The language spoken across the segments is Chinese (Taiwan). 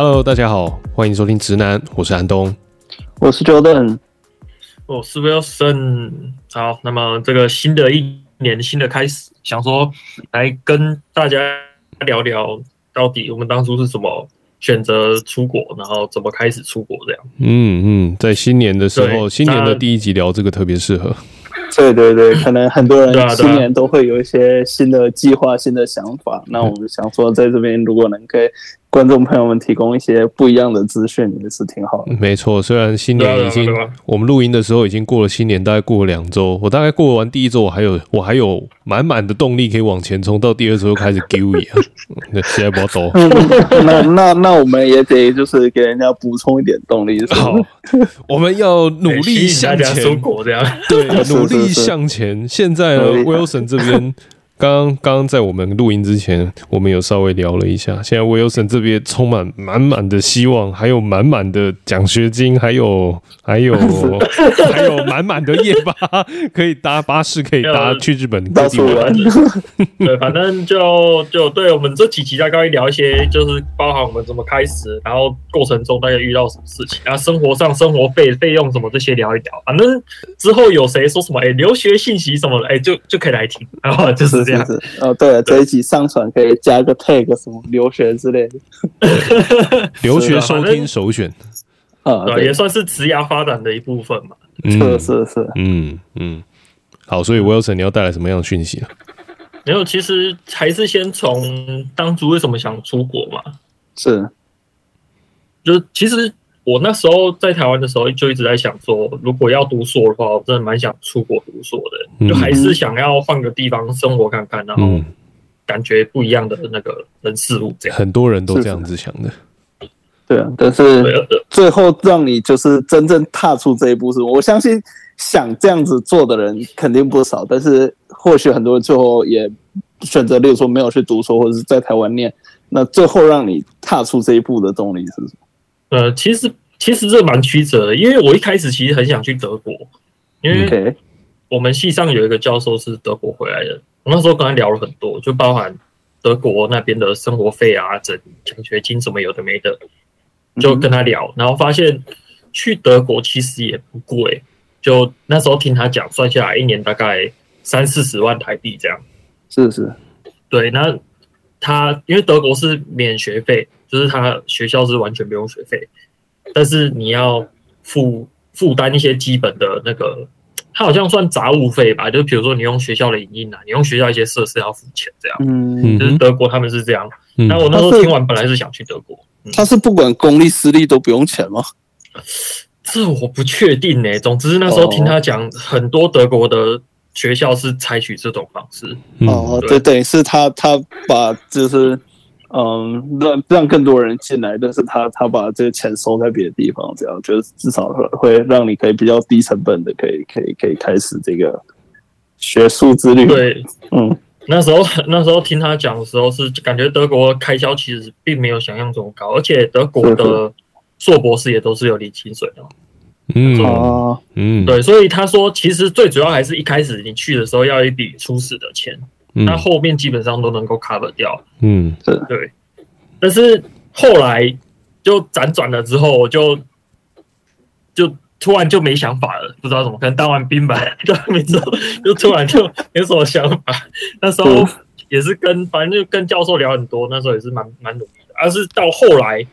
Hello，大家好，歡迎收聽直男，我是安東，我是 Jordan，我是 Wilson。好，那麼這個新的一年新的開始，想說來跟大家聊聊，到底我們當初是怎麼選擇出國，然後怎麼開始出國這樣。嗯嗯，在新年的時候，新年的第一集聊這個特別適合。對對對，可能很多人新年都會有一些新的計劃、新的想法。啊啊、那我們想說，在這邊如果能夠。觀眾朋友們，提供一些不一樣的資訊也是挺好的，嗯。沒錯，雖然新年已經，我們錄音的時候已經過了新年，大概過了兩周。我大概過完第一周，我還有，我還有滿滿的動力可以往前衝。到第二周又開始丟一那不那那那我們也得就是給人家補充一點動力是是。好，我們要努力向前。欸、對，努力向前。現在呢，Wilson 這邊。剛剛剛在我們錄音之前，我們有稍微聊了一下。現在 Wilson 這邊充滿滿滿的希望，還有滿滿的獎學金，還有還有 還有滿滿的夜巴。可以搭巴士，可以搭去日本各地玩。對，反正就就對我們這幾集大概聊一些，就是包含我們怎麼開始，然後過程中大概遇到什麼事情，然後生活上生活費費用什麼這些聊一聊。反正之後有誰說什麼哎、欸、留學信息什麼哎、欸、就就可以來聽，然後就是。是是這樣子哦，對、啊，對這一集上傳可以加一個 tag 什麼留學之類的，留學、啊啊、收聽首選啊，啊，也算是職涯發展的一部分嘛，是是、嗯、是，嗯嗯，好，所以 Wilson、well、你要帶來什麼樣的訊息呢、啊？沒有，其實還是先從當初為什麼想出國嘛，是，就是其實。我那時候在台灣的時候，就一直在想說，如果要讀碩的話，我真的蠻想出國讀碩的，就還是想要換個地方生活看看，然後感覺不一樣的那個人事物這樣、嗯嗯、很多人都這樣子想的，是是，對啊。但是最後讓你就是真正踏出這一步是，我相信想這樣子做的人肯定不少，但是或許很多人最後也選擇例如說沒有去讀碩，或者是在台灣念。那最後讓你踏出這一步的動力是什麼？呃，其實其實這蠻曲折的，因為我一開始其實很想去德國，因為我們系上有一個教授是德國回來的，Okay. 我那時候跟他聊了很多，就包含德國那邊的生活費啊、整獎學金什麼有的沒的，就跟他聊，mm hmm. 然後發現去德國其實也不貴，就那時候聽他講，算下來一年大概三四十萬台幣這樣。是是。對，那他，因為德國是免學費。就是他學校是完全不用學費，但是你要負負擔一些基本的那個，他好像算雜物費吧，就比、是、如說你用學校的影印啊，你用學校一些設施要付錢這樣。嗯嗯哼。就是德國他們是這樣，嗯、那我那時候聽完本來是想去德國。他是，嗯、他是不管公立私立都不用錢嗎？這我不確定哎、欸。總之是那時候聽他講，哦、很多德國的學校是採取這種方式。嗯、對哦，這等於是他他把就是。嗯，讓讓更多人進來，但是他他把這個錢收在別的地方，這樣就至少會會讓你可以比較低成本的可，可以可以可以開始這個學術之旅。對，嗯，那時候那時候聽他講的時候，是感覺德國開銷其實並沒有想象中高，而且德國的碩博士也都是有零薪水的。的嗯、啊，嗯，對，所以他說，其實最主要還是一開始你去的時候要一筆初始的錢。那、嗯、後面基本上都能夠 cover 掉，嗯，對。但是後來就輾轉了之後我就，就就突然就沒想法了，不知道怎麼，可能當完兵吧，就沒做， 就突然就沒什麼想法。那時候也是跟對 反正就跟教授聊很多，那時候也是蠻蠻努力的。而是到後來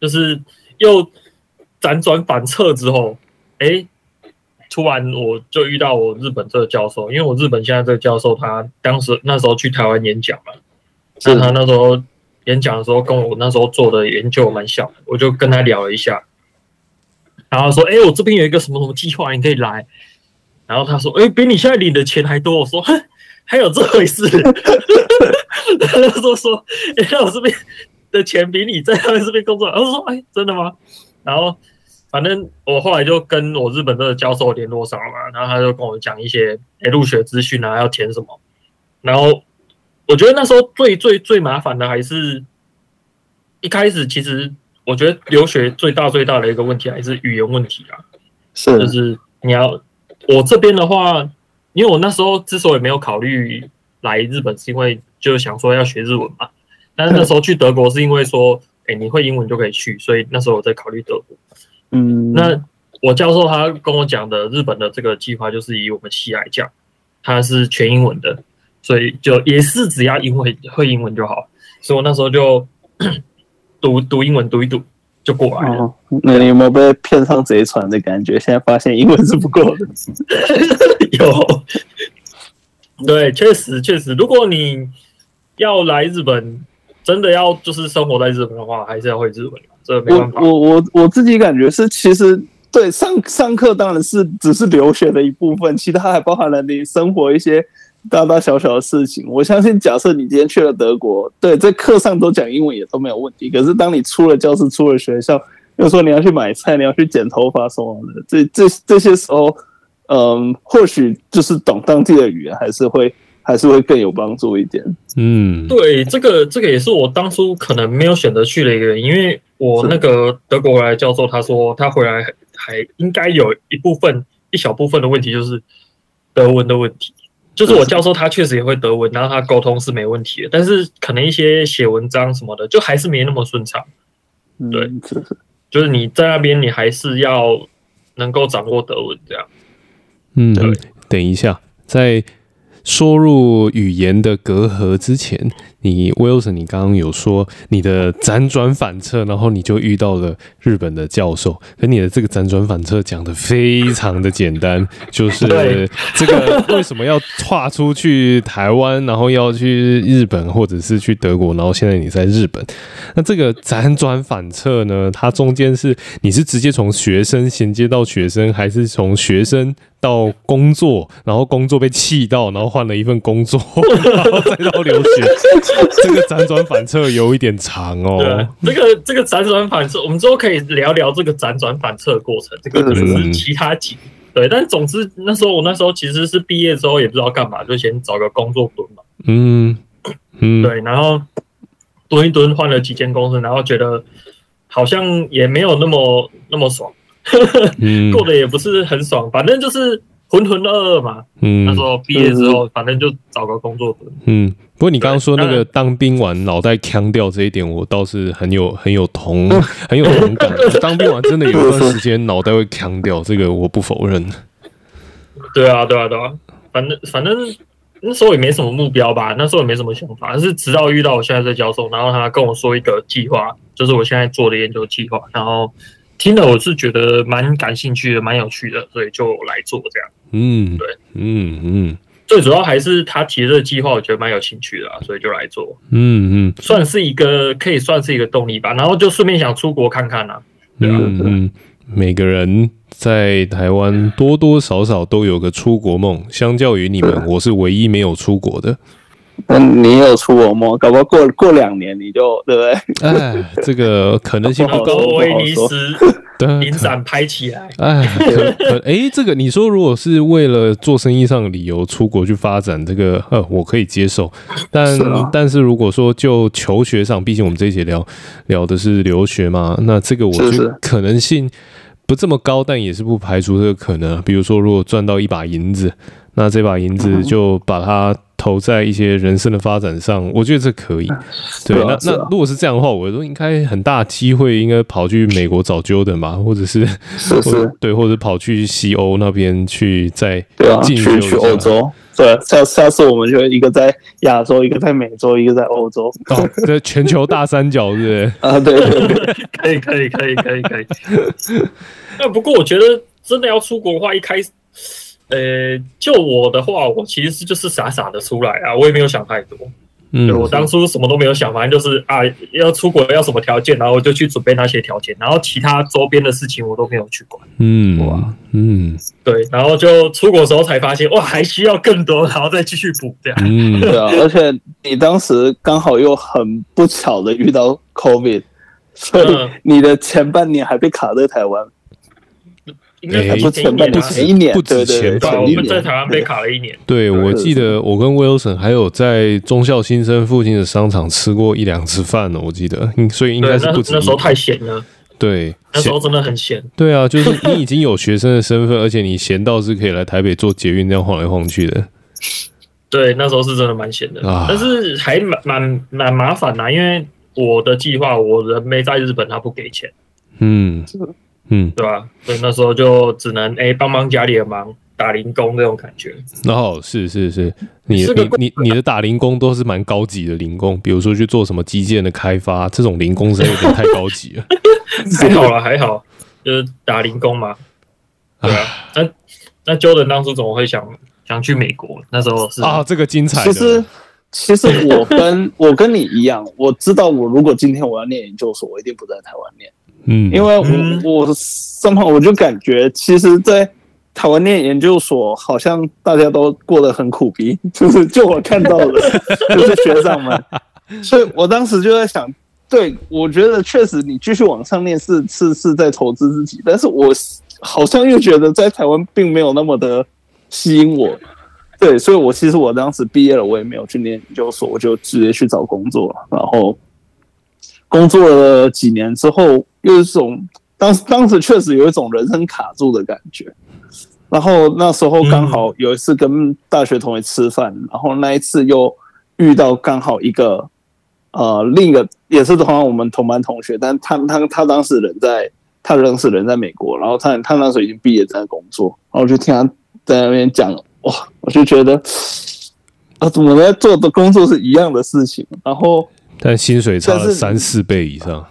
就是又輾轉反側之後，哎、欸。突然，我就遇到我日本這個教授，因為我日本現在這個教授，他當時那時候去台灣演講嘛，是他那時候演講的時候跟我那時候做的研究蠻像，我就跟他聊了一下，然後他說：“哎、欸，我這邊有一個什麼什麼計劃，你可以來。”然後他說：“哎、欸，比你現在領的錢還多。”我說：“還有這回事？”然後他說說：“哎、欸，我這邊的錢比你在他們這邊工作。”然後說：“哎、欸，真的嗎？”然後。反正我後來就跟我日本的教授聯絡上了嘛，然後他就跟我講一些誒、欸、入學資訊啊，要填什麼。然後我覺得那時候最最最麻煩的還是，一開始其實我覺得留學最大最大的一個問題還是語言問題啊，是就是你要我這邊的話，因為我那時候之所以沒有考慮來日本，是因為就想說要學日文嘛。但是那時候去德國是因為說，哎、欸，你會英文就可以去，所以那時候我在考慮德國。嗯，那我教授他跟我講的日本的這個計劃就是以我們系來講，它是全英文的，所以就也是只要英文會英文就好。所以我那時候就 讀讀英文讀一讀就過來了。哦，那你有沒有被騙上賊船的感覺？現在發現英文是不夠的。 有，對，確實確實，如果你要來日本。真的要就是生活在日本的話，還是要會日文這邊，我我我我自己感覺是，其實對，上上課當然是只是留學的一部分，其他還包含了你生活一些大大小小的事情。我相信，假設你今天去了德國，對，在課上都講英文也都沒有問題。可是當你出了教室、出了學校，又說你要去買菜、你要去剪頭髮什麼的，這這這些時候，嗯、呃，或許就是懂當地的語言還是會。還是會更有幫助一點。嗯，對，這個這個也是我當初可能沒有選擇去的一個原因，因為我那個德國回來教授他說他回來還應該有一部分，一小部分的問題就是德文的問題，就是我教授他確實也會德文，然後他溝通是沒問題的，但是可能一些寫文章什麼的就還是沒那麼順暢。嗯，對，就是你在那邊你還是要能夠掌握德文這樣。嗯，對，等一下在。輸入語言的隔閡之前。你 Wilson，你剛剛有說你的輾轉反側，然後你就遇到了日本的教授。可你的這個輾轉反側講得非常的簡單，就是這個為什麼要跨出去台灣，然後要去日本，或者是去德國？然後現在你在日本，那這個輾轉反側呢？它中間是你是直接從學生銜接到學生，還是從學生到工作，然後工作被氣到，然後換了一份工作，然後再到留學？ 這個輾轉反側有一點長哦。對，這個這個輾轉反側，我們之後可以聊聊這個輾轉反側過程。這個就是其他集，對，但總之那時候我那時候其實是畢業之後也不知道幹嘛，就先找個工作蹲嘛、嗯。嗯嗯，對，然後蹲一蹲，換了幾間公司，然後覺得好像也沒有那麼那麼爽，呵呵嗯、過得也不是很爽，反正就是。渾渾噩噩嘛，嗯、那時候畢業之後，嗯、反正就找個工作。嗯，不過你剛剛說那個當兵完腦袋僵掉這一點，對我倒是很有很有同 很有同感。 當兵完真的有段時間腦袋會僵掉，這個我不否認。對啊，對啊，對啊，反正反正那時候也沒什麼目標吧，那時候也沒什麼想法，但是直到遇到我現在在教授，然後他跟我說一個計劃，就是我現在做的研究計劃，然後。聽了我是覺得蠻感興趣的，蠻有趣的，所以就來做這樣。嗯，對，嗯嗯，最、嗯、主要還是他提的計劃，我覺得蠻有興趣的，啊，所以就來做。嗯嗯，嗯算是一個可以算是一個動力吧。然後就順便想出國看看啊，嗯、啊，嗯。每個人在台灣多多少少都有個出國夢。相較於你們，嗯、我是唯一沒有出國的。那你也有出國嗎？搞不好過兩年你就，對不對？哎，這個可能性不高。威尼斯影展拍起來，哎，哎對可、欸，這個你說，如果是為了做生意上的理由出國去發展，這個呃，我可以接受。但是、啊、但是如果說就求學上，畢竟我們這一節聊聊的是留學嘛，那這個我覺得可能性不這麼高，但也是不排除這個可能。比如說，如果賺到一把銀子，那這把銀子就把它。投在一些人生的發展上，我覺得這可以。嗯啊、對，那、啊、那如果是這樣的話，我覺得應該很大機會，應該跑去美國找 Jordan 吧，或者是，是是或者對，或者跑去西歐那邊去再進去，對啊，去去歐洲。對，下下次我們就一個在亞洲，一個在美洲，一個在歐洲。哦， 在全球大三角是是，對不對？啊，對，對,對， 可以，可以，可以，可以，可以。那不過我覺得真的要出國的話，一開始。呃，就我的話，我其實就是傻傻的出來啊，我也沒有想太多。嗯，我當初什麼都沒有想，反正就是啊，要出國要什麼條件，然後我就去準備那些條件，然後其他周邊的事情我都沒有去管。嗯，哇，嗯，對，然後就出國時候才發現，哇，還需要更多，然後再繼續補。這樣，啊，嗯，對啊。而且你當時剛好又很不巧的遇到 COVID，所以你的前半年還被卡在台灣。哎，應該不止一年，啊，欸、不止錢，我們在台灣被卡了一年。對，對，我記得我跟 Wilson 還有在忠孝新生附近的商場吃過一兩次飯呢。我記得，所以應該是不止那時候太閒了。對，那時候真的很閒。閒對啊，就是你已經有學生的身份，而且你閒到是可以來台北坐捷運這樣晃來晃去的。對，那時候是真的蠻閒的啊，但是還蠻蠻蠻麻煩的，因為我的計劃，我人沒在日本，他不給錢。嗯。嗯，對吧、啊？所以那時候就只能哎幫幫家裡的忙，打零工那種感覺。然後、哦、是是是，你你你你，你的打零工都是蠻高級的零工，比如說去做什麼基建的開發，這種零工是有點太高級了。 還好啦，還好，就是打零工嘛。對啊， 那那 Jordan 當初怎麼會想想去美國？那時候是啊，這個精彩。其實其實我跟我跟你一樣，我知道我如果今天我要念研究所，我一定不在台灣念。嗯，因為我我正好我就感覺，其實，在台灣念研究所，好像大家都過得很苦逼，就是就我看到的，就是學長們。所以我當時就在想，對我覺得確實你繼續往上念是是是在投資自己，但是我好像又覺得在台灣並沒有那麼的吸引我。對，所以我其實我當時畢業了，我也沒有去念研究所，我就直接去找工作。然後工作了幾年之後。有一種當當時確實有一種人生卡住的感覺，然後那時候剛好有一次跟大學同學吃飯，嗯、然後那一次又遇到剛好一個呃另一個也是同樣我們同班同學，但他他他，他當時人在他當時人在美國，然後他他那時候已經畢業在工作，然後我就聽他在那邊講哇，我就覺得啊、呃，怎麼在做的工作是一樣的事情，然後但薪水差了三、四倍以上。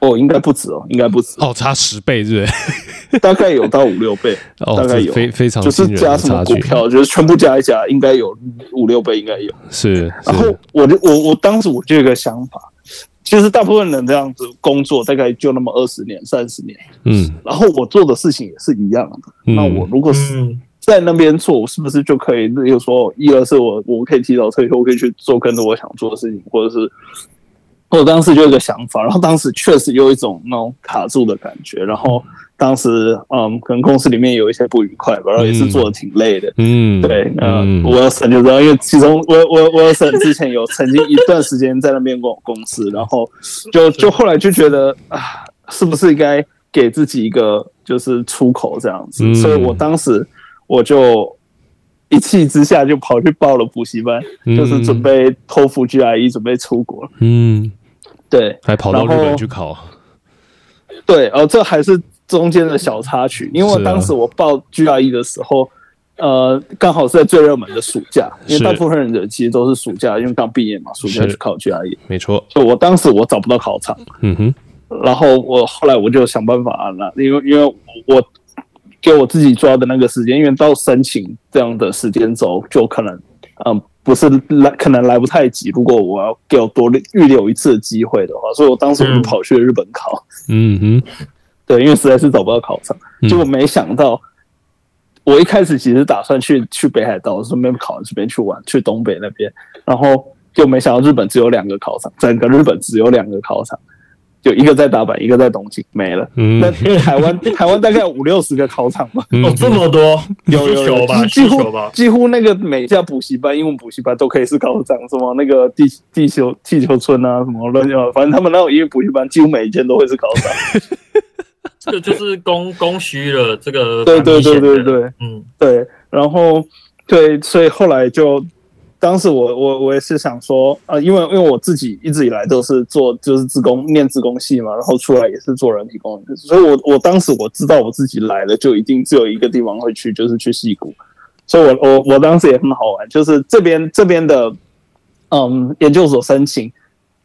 哦，應該不止哦，應該不止哦，差十倍對， 大概有到五六倍，哦、大概有非非常就是加什麼股票，就是全部加一加，應該有五六倍應該，應該有是。是，然後我就我我當時我就有一個想法，其、就、實、是、大部分人這樣子工作大概就那麼二十年三十年，年嗯，然後我做的事情也是一樣的，嗯、那我如果是在那邊做，我是不是就可以例如說一二是我我可以提早退休，我可以去做更多我想做的事情，或者是。我當時就有個想法，然後當時確實有一種那種卡住的感覺，然後當時嗯，可能公司裡面有一些不愉快吧，然後也是做的挺累的，嗯，對，嗯，我 Wilson 就知道，因為其中我我我 Wilson 之前有曾經一段時間在那邊公公司， 然後就就後來就覺得啊，是不是應該給自己一個就是出口這樣子，嗯、所以我當時我就一氣之下就跑去報了補習班，嗯、就是準備托福 GRE 準備出國，嗯。對，還跑到日本去考。對，哦、呃，這還是中間的小插曲，因為當時我報 GRE 的時候，呃，剛好是在最熱門的暑假，因為大部分人的其實都是暑假，因為剛畢業嘛，暑假去考 GRE，沒錯。就我當時我找不到考場，嗯哼，然後我後來我就想辦法了、啊，因為因為我給我自己抓的那個時間，因為到申請這樣的時間軸就可能，嗯。不是來，可能來不太及，如果我要給我多預留一次機會的話，所以我當時我就跑去日本考。嗯哼， 對，因為實在是找不到考場，結果、嗯、沒想到，我一開始其實打算去去北海道，順便考完這邊去玩，去東北那邊，然後就沒想到日本只有兩個考場，整個日本只有兩個考場。一個在大阪，一個在東京，沒了。那、嗯、因為台灣， 台灣大概有五六十個考場嘛。哦，這麼多，有有，有吧，吧幾乎幾乎那個每一家補習班，英文補習班都可以是考場，什麼那個地地球、地球村啊，什麼亂七八糟，反正他們那種因為補習班，幾乎每一間都會是考場。 這個就是供供需了，這個對，對對對對對，嗯對，然後對，所以後來就。當時我我我也是想說，呃，因為因為我自己一直以來都是做就是資工念資工系嘛，然後出來也是做軟體工，所以我我當時我知道我自己來了，就一定只有一個地方會去，就是去矽谷。所以我，我我我當時也很好玩，就是這邊這邊的，嗯，研究所申請，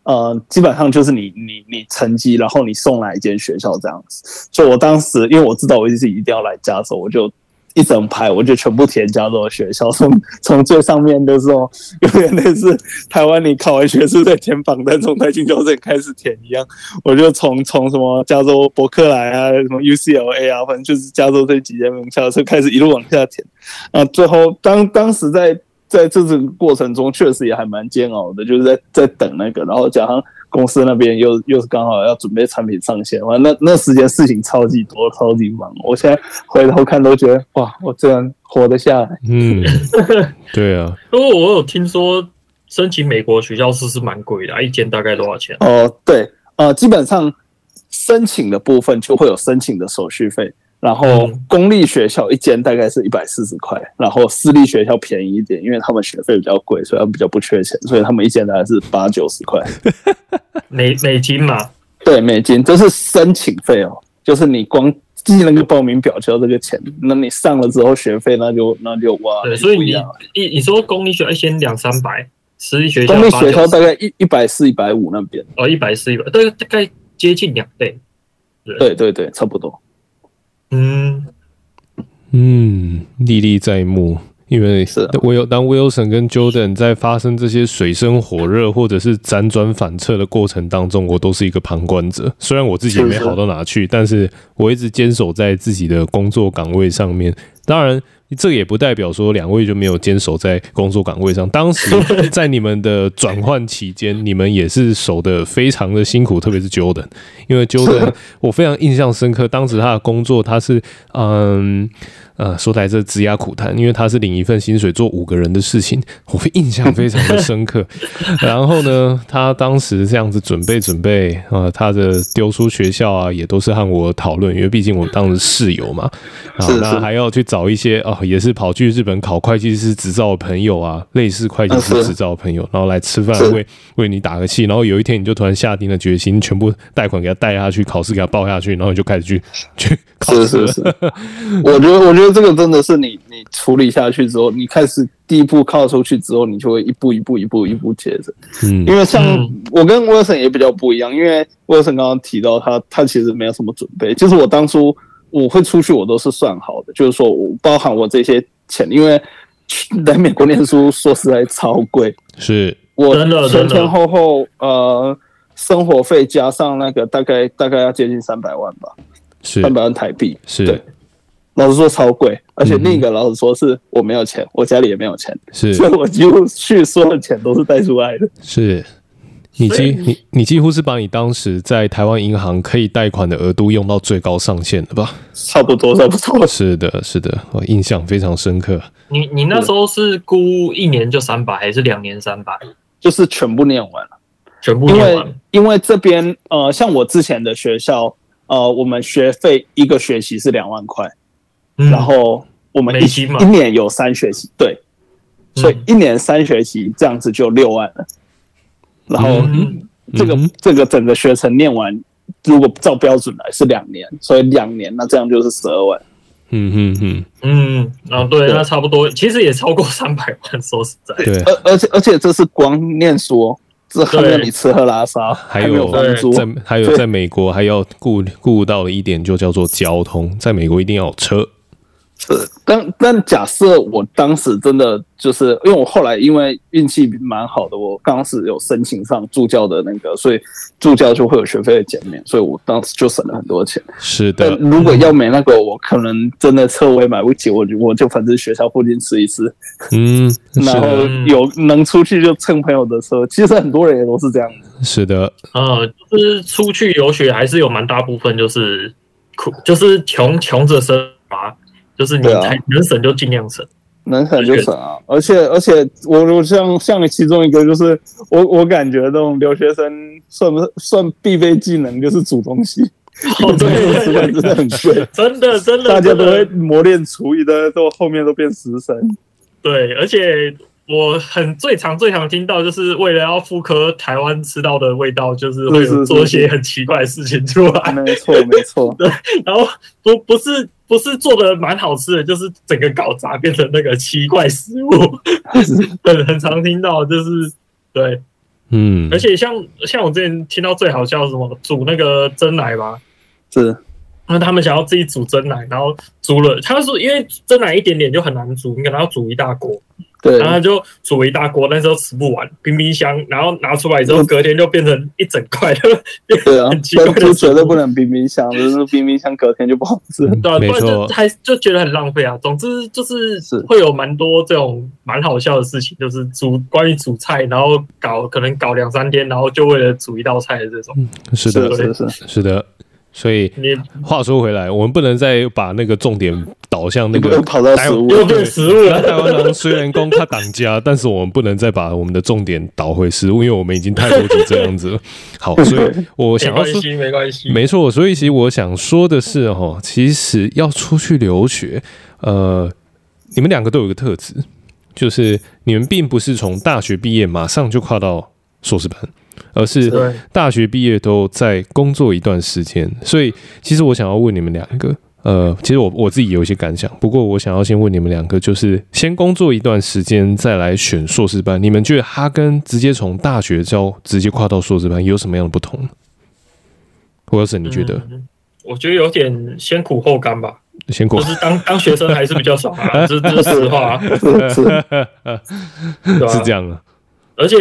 呃，基本上就是你你你成績，然後你送來一間學校這樣子。所以我當時因為我知道我自己一定要來加州，我就。一整排，我就全部填加州的學校，從從最上面的時候，有點類似台灣你考完學術再填榜單，從台清交成開始填一樣，我就從從什麼加州伯克萊啊，什麼 UCLA 啊，反正就是加州這幾間名校，就開始一路往下填。啊，最後當當時在在這種過程中，確實也還蠻煎熬的，就是在在等那個，然後加上。公司那邊又又是剛好要準備產品上線，完那那時間事情超級多，超級忙。我現在回頭看都覺得，哇，我這樣活得下來。嗯， 對啊。不過我有聽說，申請美國學校是是蠻貴的，一間大概多少錢？哦，對，呃，基本上申請的部分就會有申請的手續費。然後公立學校一間大概是一百四十塊，嗯、然後私立學校便宜一點，因為他們學費比較貴，所以他們比較不缺錢，所以他們一間大概是八九十塊， 美美金嘛？對，美金這是申請費哦，就是你光寄那個報名表交這個錢，那你上了之後學費那就那就,那就哇，對，所以你你你說公立學校一間兩三百，私立學校公立學校大概一一百四一百五那邊，哦，一百四一百，對，大概接近兩倍，對對對,對，差不多。嗯嗯，歷歷在目，因為是我有當 Wilson 跟 Jordan 在發生這些水深火熱或者是輾轉反側的過程當中，我都是一個旁觀者。雖然我自己也沒好到哪去，是是但是我一直堅守在自己的工作崗位上面。當然。這也不代表說兩位就沒有堅守在工作崗位上。當時在你們的轉換期間，你們也是守得非常的辛苦，特別是 Jordan 因為 Jordan 我非常印象深刻。當時他的工作他是嗯呃說來這吃壓苦嘆，因為他是領一份薪水做五個人的事情，我印象非常的深刻。然後呢，他當時這樣子準備準備啊、呃，他的丟出學校啊，也都是和我討論，因為畢竟我當時室友嘛啊，那還要去找一些啊。哦也是跑去日本考會計師執照的朋友啊，類似會計師執照的朋友，啊，嗯、然後來吃飯，是為為你打個氣。然後有一天，你就突然下定了決心，全部貸款給他貸下去，考試給他報下去，然後你就開始去去考試。是是是。我覺得，我覺得這個真的是你，你處理下去之後，你開始第一步靠出去之後，你就會一步一步，一步一步接着。嗯，因為像我跟威爾森也比較不一樣，因為威爾森剛剛提到他，他其實沒有什麼準備，就是我當初。我會出去，我都是算好的，就是說我包含我這些錢，因為在美國念書，說實在超貴。是，我前前後後,是前後,後呃，生活費加上那個大概大概要接近三百萬吧，是三百萬台幣。是，對老實說超貴，而且另一個老實說是我沒有錢，嗯、哼我家裡也沒有錢，是，所以我就去所有的錢都是帶出來的。是。你幾你你幾乎是把你當時在台灣銀行可以貸款的額度用到最高上限了吧，差？差不多差不多。是的是的，我印象非常深刻。你你那時候是估一年就三百我，還是兩年三百？就是全部念完了，全部念完了因。因為因為這邊呃，像我之前的學校呃，我們學費一個學期是兩萬塊，嗯、然後我們一一年有三學期，對，嗯、所以一年三學期這樣子就六萬了。然後這個、嗯嗯、這個整個學程念完，如果照標準來是兩年，所以兩年，那這樣就是十二萬。嗯嗯嗯嗯，然後對，我那差不多，其實也超過三百萬。說實在，對，而而且而且這是光念書，這還有你吃喝拉撒，對還有還有以在還有在美國還要顧顧到的一點就叫做交通，在美國一定要有車。是，但但假設我當時真的就是因為我後來因為運氣蠻好的，我當時有申請上助教的那個，所以助教就會有學費的減免，所以我當時就省了很多錢。是的，如果要沒那個，嗯、我可能真的車我也買不起，我我就反正學校附近吃一吃，嗯，然後有、嗯、能出去就蹭朋友的車。其實很多人也都是這樣子。是的，嗯、呃，就是出去遊學還是有蠻大部分就是就是窮窮者生華。就是你能省就、對啊，能省就盡量省，能省就省啊！而且而且，我我像像其中一個，就是我我感覺這種留學生算不算必備技能，就是煮東西。哦，對，對對 真的很貴，真的真的，大家都會磨練廚藝的，都後面都變食神。對，而且我很最常最常聽到，就是為了要復刻台灣吃到的味道，就是會做一些很奇怪的事情出來。沒錯沒錯， 對，然後不不是。不是做的蠻好吃的，就是整個搞砸，變成那個奇怪食物，很很 常聽到，就是對，嗯，而且像像我之前聽到最好笑的是什麼煮那個珍奶吧，是的，他們想要自己煮珍奶，然後煮了，他說因為珍奶一點點就很難煮，你可能要煮一大鍋。對，然後就煮一大鍋，但是又吃不完，冰冰箱，然後拿出來之後，隔天就變成一整塊了。對啊，但煮都不能冰冰箱，就是冰冰箱隔天就不好吃，對啊，沒錯，還就覺得很浪費啊。總之就是會有蠻多這種蠻好笑的事情，就是煮關於煮菜，然後搞可能搞兩三天，然後就為了煮一道菜的這種，是的、嗯，是的，是的。所以，話說回來，我們不能再把那個重點導向那個，又跑到食物，又變食物，台灣人雖然攻他擋家， 但是我們不能再把我們的重點導回食物，因為我們已經太多集這樣子了。好，所以我想要說沒，沒關係，沒錯。所以其實我想說的是，哦，其實要出去留學，呃，你們兩個都有個特質，就是你們並不是從大學畢業馬上就跨到碩士班。而是大學畢業都在工作一段時間，所以其實我想要問你們兩個，呃，其實我我自己也有一些感想，不過我想要先問你們兩個，就是先工作一段時間再來選碩士班，你們覺得它跟直接從大學就直接跨到碩士班有什麼樣的不同？胡老師你覺得、嗯？我覺得有點先苦後甘吧，先苦後甘當當學生還是比較爽， 這是實話、啊，是 是，是這樣的、啊，而且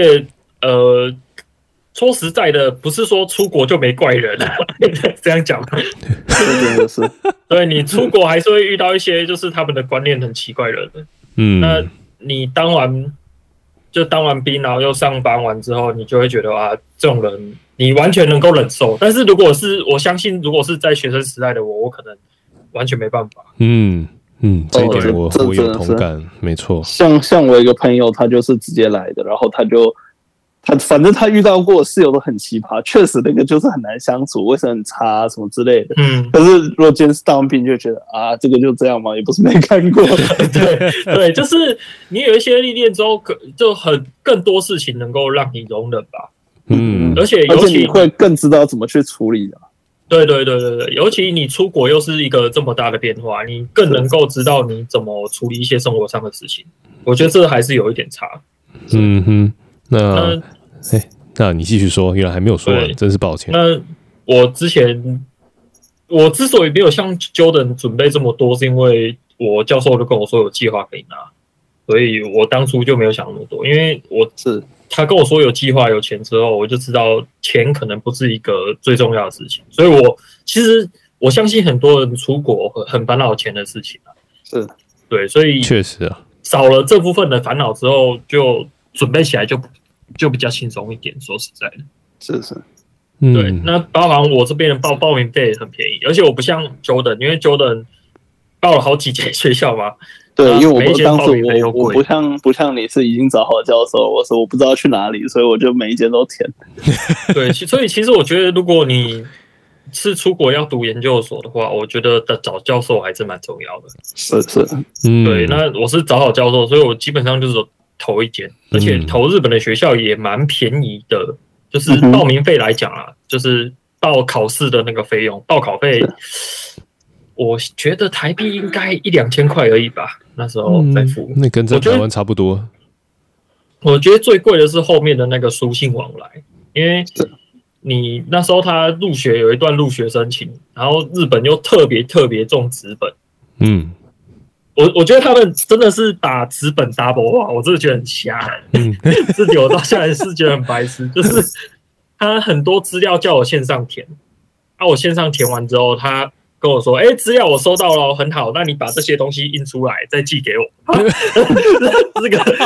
呃。說實在的，不是說出國就沒怪人，這樣講，真的是。對，你出國還是會遇到一些就是他們的觀念很奇怪的人。嗯，那你當完就當完兵，然後又上班完之後，你就會覺得啊，這種人你完全能夠忍受。但是如果是我相信，如果是在學生時代的我，我可能完全沒辦法。嗯嗯，這一點我，哦，我有同感，沒錯。像像我一個朋友，他就是直接來的，然後他就。他反正他遇到過室友都很奇葩。確實那個就是很難相處，衛生很差、啊、什麼之類的。嗯，可是如果今天是當兵就覺得啊，這個就這樣嘛，也不是沒看過的 對。對對，就是你有一些歷練之後可，可就很更多事情能夠讓你容忍吧。嗯，而且尤其而且你會更知道怎麼去處理的、嗯嗯嗯。對對對對對，尤其你出國又是一個這麼大的變化，你更能夠知道你怎麼處理一些生活上的事情。我覺得這還是有一點差。嗯哼。那，那，欸，那你繼續說，原來還沒有說完，對真是抱歉。那我之前我之所以沒有像 Jordan 準備這麼多，是因為我教授就跟我說有計劃可以拿，所以我當初就沒有想那麼多。因為我是他跟我說有計劃有錢之後，我就知道錢可能不是一個最重要的事情。所以我其實我相信很多人出國很很煩惱錢的事情啊，是，對，所以確實啊，少了這部分的煩惱之後，就準備起來就。就比較輕鬆一點，說實在的，是是，嗯，對。那包含我這邊報報名費很便宜，而且我不像 Jordan，因為 Jordan 報了好幾間學校嘛。對，因為我不像你，我不像不像你是已經找好教授，我說我不知道去哪裡，所以我就每一間都填。對，所以其實我覺得，如果你是出國要讀研究所的話，我覺得找找教授還是蠻重要的。是是，嗯，對。那我是找好教授，所以我基本上就是說。投一間，而且投日本的學校也蠻便宜的，嗯、就是報名費來講啊，就是報考試的那個費用，報考費，我覺得台幣應該一兩千塊而已吧，那時候再付、嗯，那跟這台灣差不多我。我覺得最貴的是後面的那個書信往來，因為你那時候他入學有一段入學申請，然後日本又特別特別重紙本，嗯。我我覺得他們真的是把紙本 Double 化，我真的覺得很瞎。嗯， 自己我到現在是覺得很白痴，就是他很多資料叫我線上填，那、啊、我線上填完之後，他跟我說：“哎、欸，資料我收到了，很好，那你把這些東西印出來再寄給我。”這個是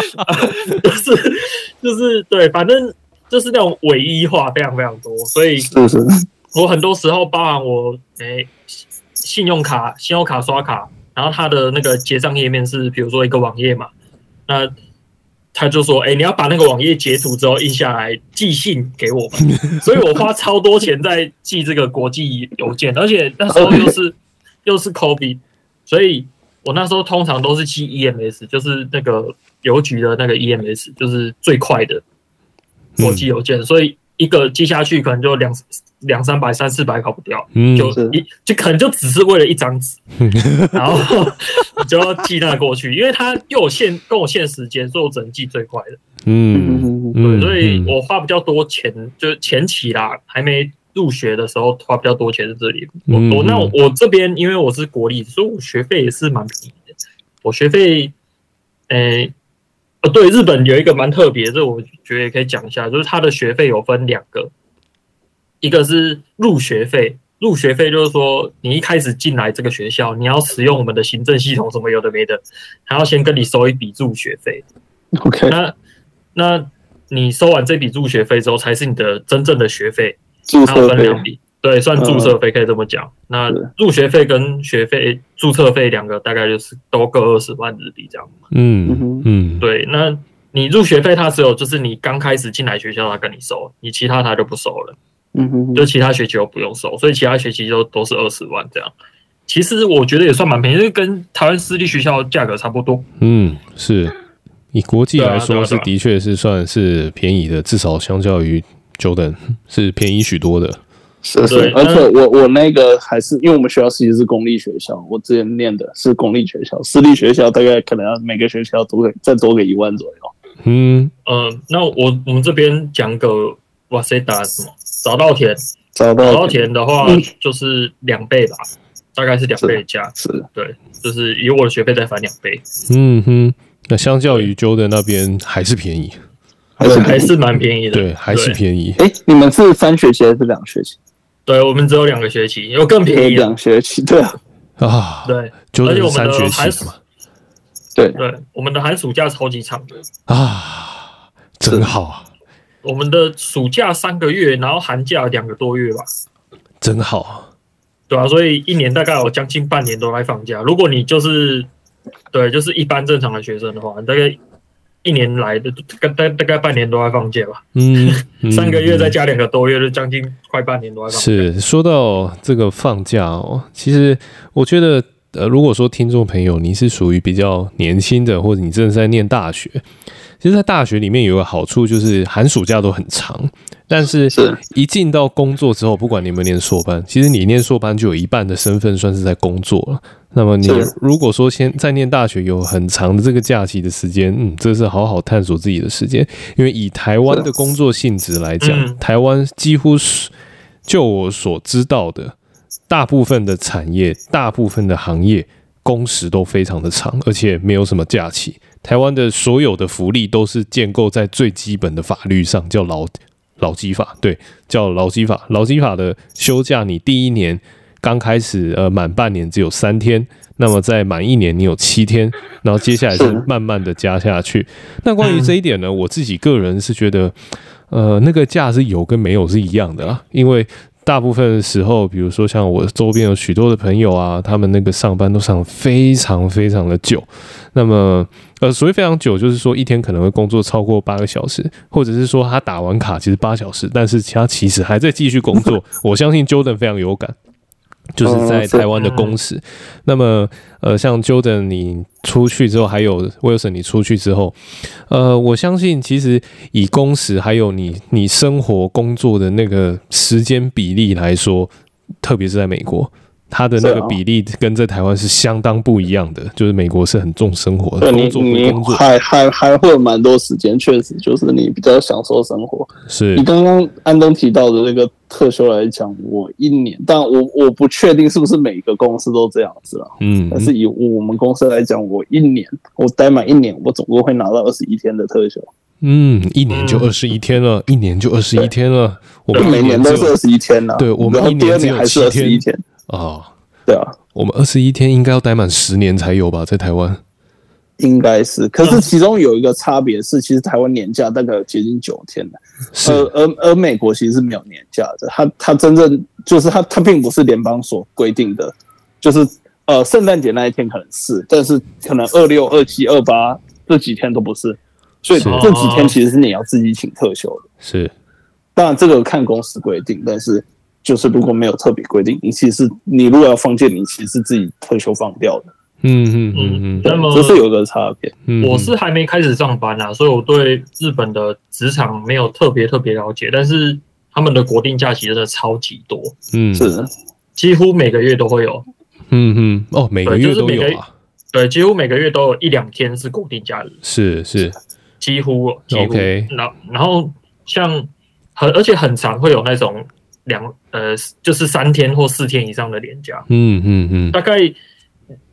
就是、就是、對，反正就是那種唯一化非常非常多，所以我很多時候包含我哎、欸、信用卡信用卡刷卡。然後他的那個結賬頁面是比如說一個網頁嘛，那他就說：“哎，你要把那個網頁截圖之後印下來寄信給我吧 所以，我花超多錢在寄這個國際郵件，而且那時候又是 Okay. 又是 COVID，所以我那時候通常都是寄 EMS，就是那個郵局的那個 EMS，就是最快的國際郵件。嗯、所以一個寄下去可能就兩。兩三百、三四百跑不掉，嗯、就是一就可能就只是為了一張紙， 然後 你就要寄那過去，因為他又限跟我限時間，所以我只能寄最快的。嗯嗯嗯，對嗯，所以我花比較多錢，嗯、就是前期啦，還沒入學的時候花比較多錢在這裡。我、嗯、那我，我這邊因為我是國立，所以我學費也是蠻便宜的。我學費，誒、欸，對，日本有一個蠻特別，這個、我覺得也可以講一下，就是他的學費有分兩個。一個是入學費，入學費就是說你一開始進來這個學校，你要使用我們的行政系統什麼有的沒的，還要先跟你收一筆入學費。OK，那那你收完這筆入學費之後，才是你的真正的學費。分兩筆對，算注冊費可以這麼講。嗯、那入學費跟學費、注冊費兩個大概就是都各二十萬日幣這樣嗯嗯，嗯對。那你入學費他只有就是你剛開始進來學校他跟你收，你其他他,他就不收了。嗯嗯，就其他學期都不用收，所以其他學期就都是二十萬這樣。其實我覺得也算蠻便宜，就是、跟台灣私立學校價格差不多。嗯，是以國際來說、啊啊啊、是的確是算是便宜的，至少相較於九等是便宜許多的。是是，是對那而且我我那個還是因為我們學校其實是公立學校，我之前念的是公立學校，私立學校大概可能要每個學校都會再多給一萬左右。嗯嗯、呃，那我我們這邊講個哇塞打什麼？找到田，找到田的話就是兩倍吧，大概是兩倍價值。對，就是以我的學費再翻兩倍。嗯哼，那相較於 Jordan 那邊還是便宜，還是蠻便宜的。對，還是便宜。哎，你們是三學期還是兩學期？對，我們只有兩個學期，因為更便宜。兩學期，對啊，啊，對，而且三學期。對對，我們的寒暑假超級長。啊，真好我們的暑假三個月，然後寒假兩個多月吧，真好啊，對啊，所以一年大概有將近半年都在放假。如果你就是對，就是一般正常的學生的話，大概一年來的大大概半年都在放假吧。嗯，嗯 三個月再加兩個多月，就將近快半年都在放假。是說到這個放假哦，其實我覺得，呃，如果說聽眾朋友你是屬於比較年輕的，或者你正在念大學。其實，在大學裡面有個好處，就是寒暑假都很長。但是，一進到工作之後，不管你有沒有念碩班，其實你念碩班就有一半的身份算是在工作了。那麼，你如果說先在念大學有很長的這個假期的時間，嗯，這是好好探索自己的時間。因為以台灣的工作性質來講，台灣幾乎是就我所知道的，大部分的產業，大部分的行業。工時都非常的長，而且沒有什麼假期。台灣的所有的福利都是建構在最基本的法律上，叫勞勞基法，對，叫勞基法。勞基法的休假，你第一年剛開始，呃，滿半年只有三天，那麼在滿一年你有七天，然後接下來是慢慢的加下去。嗯、那關於這一點呢，我自己個人是覺得，呃，那個假是有跟沒有是一樣的、啊，因為。大部分的時候，比如說像我周邊有許多的朋友啊，他們那個上班都上非常非常的久。那麼，呃，所謂非常久，就是說一天可能會工作超過八個小時，或者是說他打完卡其實八小時，但是他其實還在繼續工作。我相信 Jordan 非常有感。就是在台灣的工時，那麼呃，像 Jordan 你出去之後，還有 Wilson 你出去之後，呃，我相信其實以工時還有你你生活工作的那個時間比例來說，特別是在美國。他的那個比例跟在台灣是相當不一樣的，啊，就是美國是很重生活。的對你工作，工作，還還還會有蠻多時間。確實，就是你比較享受生活。是。你剛剛安東提到的那個特休來講，我一年，但我我不確定是不是每個公司都這樣子啊。嗯，但是以我們公司來講，我一年，我待滿一年，我總共會拿到二十一天的特休。嗯，一年就二十一天了，嗯，一年就二十一天了。對我們每年都是二十一天了，啊，對我們一年，們一年，年還是二十一天。啊，哦、對啊，我們二十一天應該要待滿十年才有吧，在台灣，應該是。可是其中有一個差別是，其實台灣年假大概有接近九天。是，而而而美國其實是沒有年假的。他他真正就是他他並不是聯邦所規定的，就是呃，聖誕節那一天可能是，但是可能二六、二七、二八這幾天都不是，是嗎？所以這幾天其實是你要自己請特休的。是，當然這個看公司規定，但是。就是如果沒有特別規定，你其實你如果要放假，你其實是自己退休放掉的。嗯嗯嗯嗯，就是有個差別。嗯。我是還沒開始上班啊，所以我對日本的職場沒有特別特別了解。但是他們的國定假期真的超級多。嗯，是，幾乎每個月都會有。嗯嗯。哦，每個月都有，啊對，就是，每個對，幾乎每個月都有一兩天是固定假日。是是，幾乎 OK 然。然後然後，像很而且很常會有那種。兩呃，就是三天或四天以上的連假。嗯嗯嗯，嗯嗯大概。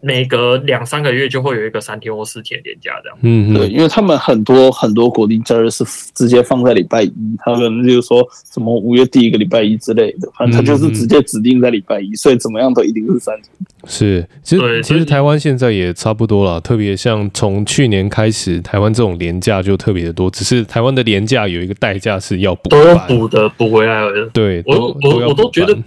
每隔兩三個月就會有一個三天或四天連假這樣。嗯，嗯，對，因為他們很多很多國定假日是直接放在禮拜一，他們就是說什麼五月第一個禮拜一之類的，反正他就是直接指定在禮拜一，所以怎麼樣都一定是三天。是，其實對其實台灣現在也差不多了，特別像從去年開始，台灣這種連假就特別的多。只是台灣的連假有一個代價是要補，都補的補回來。對，我我我都覺得。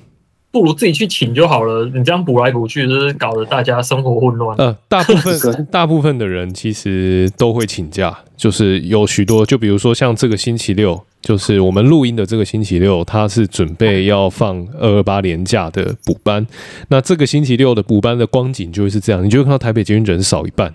不如自己去請就好了。你這樣補來補去，就是搞得大家生活混亂。呃，大部分 大部分的人其實都會請假，就是有許多，就比如說像這個星期六。就是我們錄音的這個星期六，他是準備要放二二八連假的補班。那這個星期六的補班的光景就會是這樣，你就會看到台北捷運人少一半，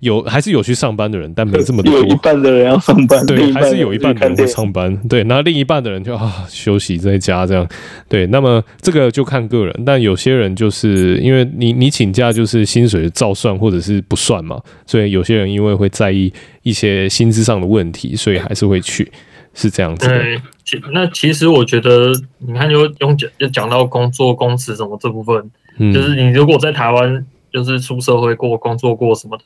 有還是有去上班的人，但沒這麼多。有一半的人要上班，對，還是有一半的人會上班，對，那另一半的人就啊休息在家這樣。對，那麼這個就看個人，但有些人就是因為你你請假就是薪水照算或者是不算嘛，所以有些人因為會在意一些薪資上的問題，所以還是會去。是這樣子，對，其那其實我覺得，你看就，就用講就講到工作工資什麼這部分，嗯、就是你如果在台灣就是出社會過工作過什麼的，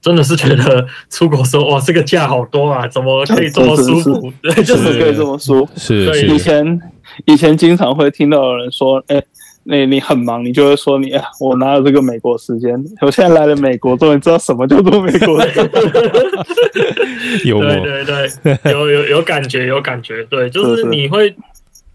真的是覺得出國說哇，這個價好多啊，怎麼可以這麼舒服？對，對對是就是可是以這麼舒服。是以前是以前經常會聽到有人說，哎、欸。你、欸、你很忙，你就會說你，我哪有這個美國時間？我現在來了美國做，終於知道什麼叫做美國時間。 有嗎對對對，有有有感覺，有感覺。對，就是你會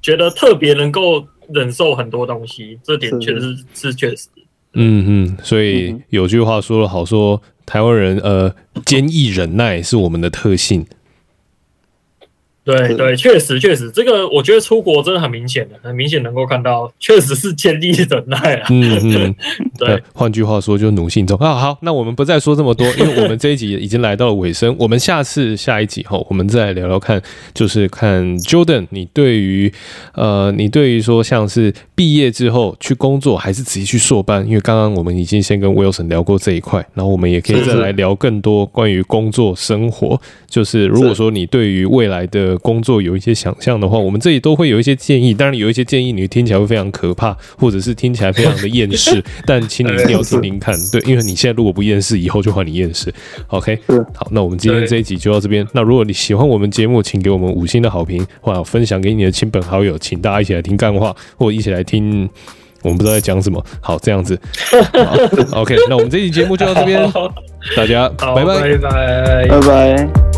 覺得特別能夠忍受很多東西，這點確實是確實。是實對嗯嗯，所以有句話說得好，說台灣人呃堅毅忍耐是我們的特性。對對，確實確實，這個我覺得出國真的很明顯的，很明顯能夠看到，確實是建立忍耐啊。嗯嗯，嗯 對，啊、換句話說就是奴性中啊。好，那我們不再說這麼多，因為我們這一集已經來到了尾聲， 我們下次下一集後，我們再聊聊看，就是看 Jordan，你對於呃，你對於說像是畢業之後去工作還是直接去碩班，因為剛剛我們已經先跟 Wilson、well、聊過這一塊，然後我們也可以再來聊更多關於工作生活， 就是如果說你對於未來的。工作有一些想象的話，我們這裡都會有一些建議。當然有一些建議，你聽起來會非常可怕，或者是聽起來非常的厭世。 但請你一定要聽聽看，對，因為你現在如果不厭世，以後就換你厭世。OK，好，那我們今天這一集就到這邊。對那如果你喜歡我們節目，請給我們五星的好評，或分享給你的親朋好友，請大家一起來聽幹話，或一起來聽我們不知道在講什麼。好，這樣子好 ，OK，那我們這一集節目就到這邊，好好大家拜拜好拜拜。拜拜拜拜。